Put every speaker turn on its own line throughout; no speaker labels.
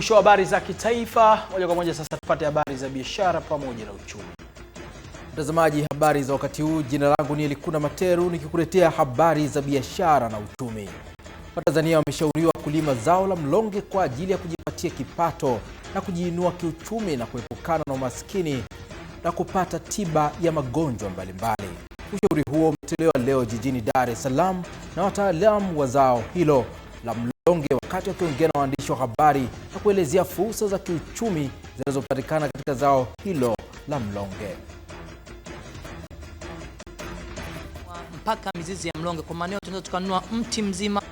Mwisho wa habari za kitaifa, moja kwa moja sasa tupate habari za biashara pamoja na uchumi. Mtazamaji, habari za wakati huu. Jina langu ni Elikuna Materu nikikuletea habari za biashara na uchumi. Watanzania wameshauriwa kulima zao la mlonge kwa ajili ya kujipatia kipato na kujiinua kiuchumi na kuepukana na umaskini na kupata tiba ya magonjwa mbalimbali. Ushauri huo umetolewa leo jijini Dar es Salaam na wataalamu wa zao hilo la mlonge wakati wakiongea na waandishi wa habari na kuelezea fursa za kiuchumi zinazopatikana katika zao hilo la mlonge.
Mpaka mizizi ya mlonge, kwa maana tunaweza tukanunua mti mzima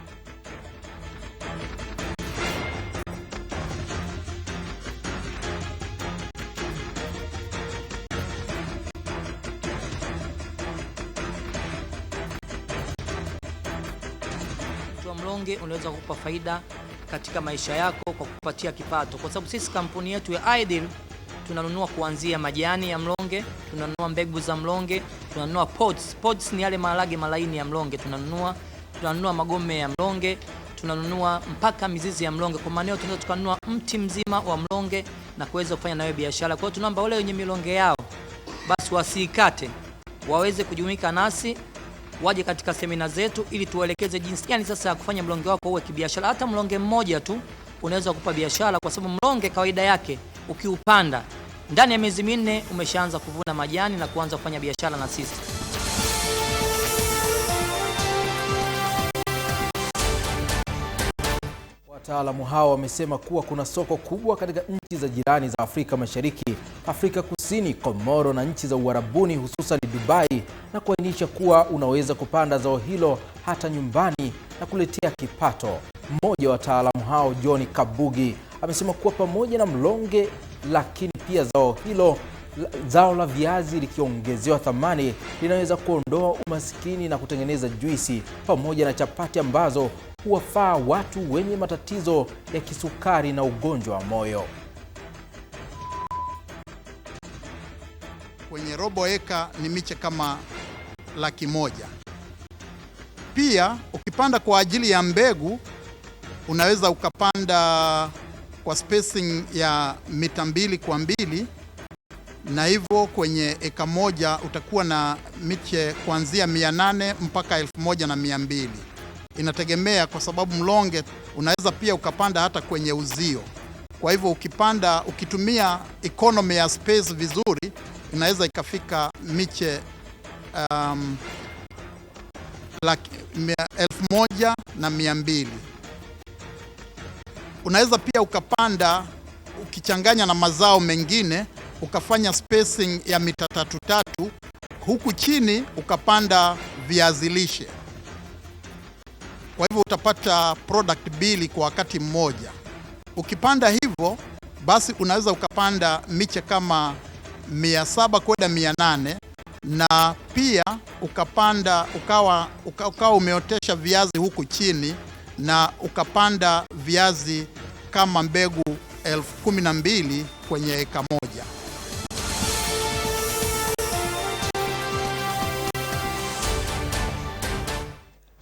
mlonge unaweza kukupa faida katika maisha yako kwa kupatia kipato, kwa sababu sisi kampuni yetu ya Ideal tunanunua kuanzia majani ya mlonge, tunanunua mbegu za mlonge, tunanunua pods. Pods ni yale maharage malaini ya mlonge tunanunua, tunanunua magome ya mlonge, tunanunua mpaka mizizi ya mlonge. Kwa maana tunaweza tukanunua mti mzima wa mlonge na kuweza kufanya nayo biashara. Kwa hiyo tunaomba wale wenye milonge yao basi wasiikate, waweze kujumuika nasi waje katika semina zetu ili tuwaelekeze jinsi gani sasa ya kufanya mlonge wako uwe kibiashara. Hata mlonge mmoja tu unaweza kupa biashara, kwa sababu mlonge kawaida yake ukiupanda ndani ya miezi minne umeshaanza kuvuna majani na kuanza kufanya biashara na sisi.
Wataalamu hao wamesema kuwa kuna soko kubwa katika nchi za jirani za Afrika Mashariki, Afrika Kusini, Komoro na nchi za Uarabuni, hususan Dubai, na kuainisha kuwa unaweza kupanda zao hilo hata nyumbani na kuletea kipato. Mmoja wa wataalamu hao John Kabugi amesema kuwa pamoja na mlonge, lakini pia zao hilo zao la viazi likiongezewa thamani linaweza kuondoa umaskini na kutengeneza juisi pamoja na chapati ambazo huwafaa watu wenye matatizo ya kisukari na ugonjwa wa moyo.
Kwenye robo eka ni miche kama laki moja. Pia ukipanda kwa ajili ya mbegu unaweza ukapanda kwa spacing ya mita mbili kwa mbili na hivyo kwenye eka moja utakuwa na miche kuanzia nane mpaka mbili inategemea, kwa sababu mlonge unaweza pia ukapanda hata kwenye uzio. Kwa hivyo ukipanda, ukitumia economy ya space vizuri, inaweza ikafika miche um, laki, mia, elfu moja na mia mbili. Unaweza pia ukapanda ukichanganya na mazao mengine ukafanya spacing ya mita tatu tatu, huku chini ukapanda viazi lishe. Kwa hivyo utapata product mbili kwa wakati mmoja. Ukipanda hivyo, basi unaweza ukapanda miche kama saba kwenda nane na pia ukapanda ukawa, ukawa umeotesha viazi huku chini na ukapanda viazi kama mbegu elfu kumi na mbili kwenye eka moja.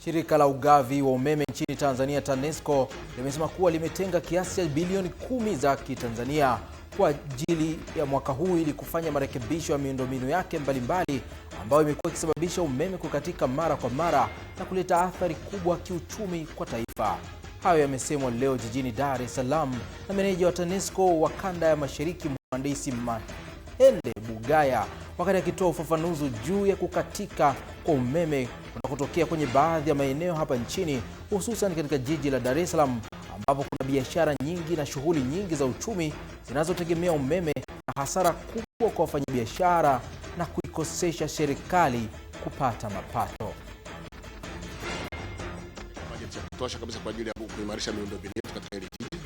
Shirika la ugavi wa umeme nchini Tanzania TANESCO limesema kuwa limetenga kiasi cha bilioni kumi za Kitanzania kwa ajili ya mwaka huu ili kufanya marekebisho ya miundombinu yake mbalimbali ambayo imekuwa ikisababisha umeme kukatika mara kwa mara na kuleta athari kubwa kiuchumi kwa taifa. Hayo yamesemwa leo jijini Dar es Salaam na meneja wa TANESCO wa kanda ya Mashariki, Mhandisi Mahende Bugaya wakati akitoa ufafanuzi juu ya kukatika kwa umeme unakotokea kwenye baadhi ya maeneo hapa nchini, hususan katika jiji la Dar es Salaam ambapo kuna biashara nyingi na shughuli nyingi za uchumi zinazotegemea umeme na hasara kubwa kwa wafanyabiashara na kuikosesha serikali kupata mapato
ya kutosha kabisa kwa ajili ya kuimarisha miundombinu yetu katika hili jiji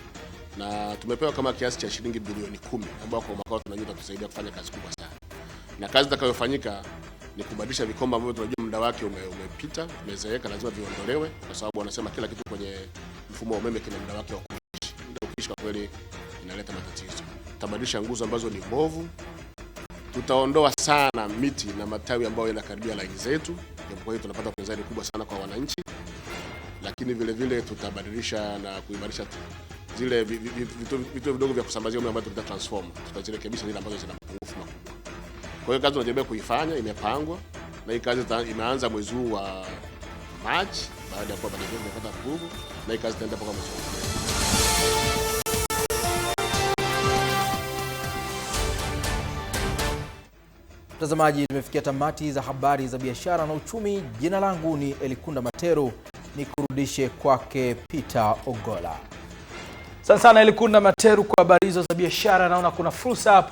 na tumepewa kama kiasi cha shilingi bilioni kumi ambao kwa mwaka tunajua itatusaidia kufanya kazi kubwa sana na kazi itakayofanyika ni kubadilisha vikombe ambavyo tunajua muda wake ume, umepita umezeeka, lazima viondolewe, kwa sababu wanasema kila kitu kwenye mfumo wa umeme kina muda wake wa kuishi. Muda ukiishi, kwa kweli inaleta matatizo. Tutabadilisha nguzo ambazo ni mbovu, tutaondoa sana miti na matawi ambayo yanakaribia laini zetu, kwa hiyo tunapata upinzani kubwa sana kwa wananchi, lakini vile vile tutabadilisha na kuimarisha zile vituo vidogo vya kusambazia umeme ambavyo tunaita transformer, tutazirekebisha zile ambazo zina mapungufu kwa hiyo kazi tunajaribu kuifanya, imepangwa na hii kazi imeanza mwezi huu wa Machi baada ya kuwa bajeti imepata nguvu, na hii kazi itaenda mpaka mwezi
Mtazamaji, tumefikia tamati za habari za biashara na uchumi. Jina langu ni Elikunda Materu, ni kurudishe kwake Peter Ogola. Asante sana Elikunda Materu kwa habari hizo za biashara. Naona kuna fursa